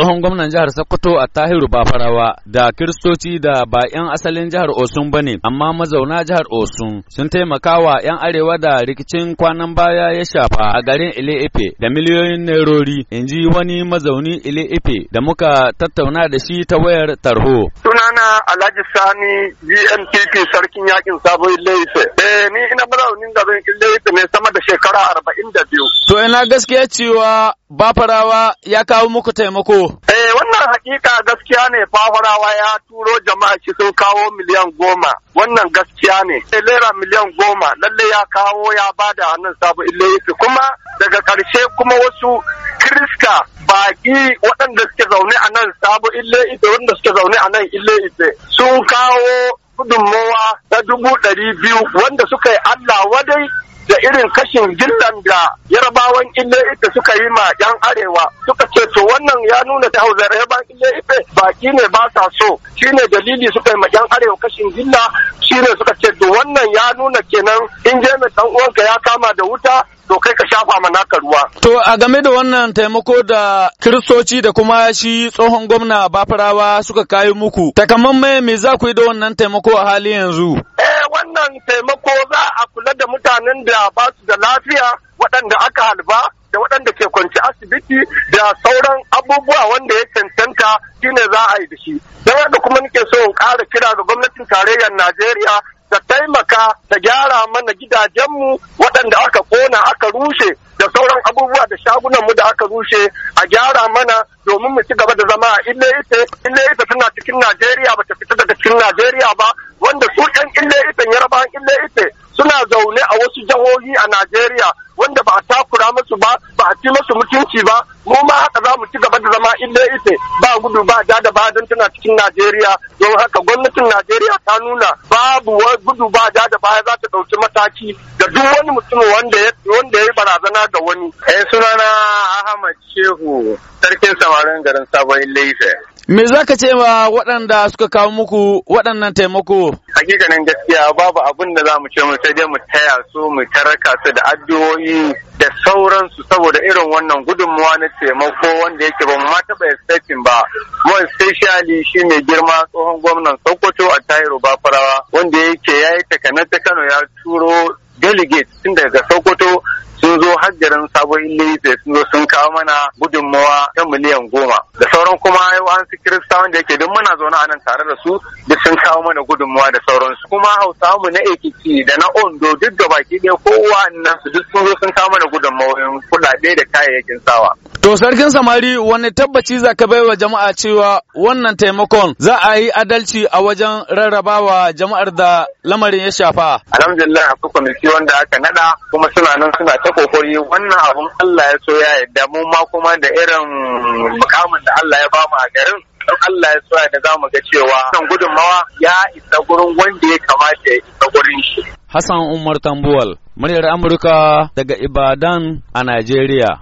tsohon gwamnan jihar Sokoto a Tahiru Bafarawa da Kiristoci da ba 'yan asalin jihar Osun ba ne, amma mazauna jihar Osun sun taimaka wa 'yan arewa da rikicin kwanan baya ya shafa a garin Ile Ife da miliyoyin nairori, in ji wani mazauni Ile Ife da muka tattauna da shi ta wayar tarho. Suna sunana Alhaji Sani GMPP sarkin yakin sabon Laife. Eh ni ina mazaunin garin Laife ne sama da shekara arba'in da biyu. To ina gaskiya cewa bafarawa ya kawo muku taimako. Eh wannan hakika gaskiya ne bafarawa ya turo jama'a shi sun kawo miliyan goma. Wannan gaskiya ne. Lera eh, miliyan goma lalle ya kawo ya bada hannun sabon Laife kuma daga ƙarshe kuma wasu Kirista baƙi waɗanda suke zaune a nan sabo ille ite wanda suka zaune a nan ille ite sun kawo gudunmowa na dubu ɗari biyu wanda suka yi Allah wadai da irin kashin gillan da yarabawan ille ita suka yi ma yan arewa suka ce to wannan ya nuna ta hausa yarabawan ille ita baki ne ba sa so shine dalili suka yi ma yan arewa kashin gilla shine suka ce to wannan ya nuna kenan in je mai dan uwanka ya kama da wuta to kai ka shafa ma naka ruwa. To a game da wannan taimako da kiristoci da kuma shi tsohon gwamna bafarawa suka kayi muku takamman me za ku yi da wannan taimako a hali yanzu? Eh wannan taimako za a kula da mutanen da ba su da lafiya waɗanda aka halba da waɗanda ke kwanci asibiti da sauran abubuwa wanda ya cancanta shine za a yi da shi da kuma nake so in ƙara kira ga gwamnatin tarayyar najeriya ta taimaka ta gyara mana gidajenmu waɗanda aka ƙona aka rushe da sauran abubuwa da shagunanmu da aka rushe a gyara mana domin mu ci gaba da zama a ille ita ille ita tana cikin najeriya Bata fita daga cikin najeriya ba wanda su ɗan ille ita yarabawan ille ita suna zaune a wasu jihohi a najeriya wanda ba a takura musu ba ba a ci masu mutunci ba mu ma haka za mu ci gaba da zama inda ite ba gudu ba ja da ba don tana cikin Najeriya don haka gwamnatin Najeriya ta nuna babu gudu ba ja da baya za ta ɗauki mataki da duk wani mutum wanda ya wanda barazana ga wani. Eh sunana Ahmad Shehu sarkin samarin garin Sabon Laife. Me za ka ce ma waɗanda suka kawo muku waɗannan taimako? hakikanin gaskiya babu abin da za mu ce mu sai dai mu taya su mu taraka su da addu'o'i da sauransu saboda irin wannan gudunmuwa na taimako wanda yake ba mu ma taɓa expecting ba mu especially shi mai girma tsohon gwamnan Sokoto a Tairo Bafarawa wanda yake yayi takanar ta Kano ya turo delegate tun daga Sokoto sun zo har garin sabon illife sun zo sun kawo mana gudunmawa ta miliyan goma da sauran kuma yawan su kiristawan da yake duk muna zaune a nan tare da su duk sun kawo mana gudunmawa da sauransu kuma hausawa mu na ekiti da na ondo duk da baki ɗaya kowa nan su duk sun zo sun kawo mana gudunmawa kuɗaɗe da kayayyakin sawa To sarkin samari wani tabbaci za ka baiwa jama'a cewa wannan taimakon za a yi adalci a wajen rarrabawa jama'ar da lamarin ya shafa. Alhamdulillah akwai kwamiti wanda aka nada kuma suna nan suna ta kokari wannan abun Allah ya so ya yadda mu ma kuma da irin mukamin da Allah ya ba mu a garin don Allah ya so ya da za mu ga cewa wannan gudunmawa ya isa gurin wanda ya kamata ya isa gurin shi. Hassan Umar Tambuwal, muryar Amurka daga Ibadan a Najeriya.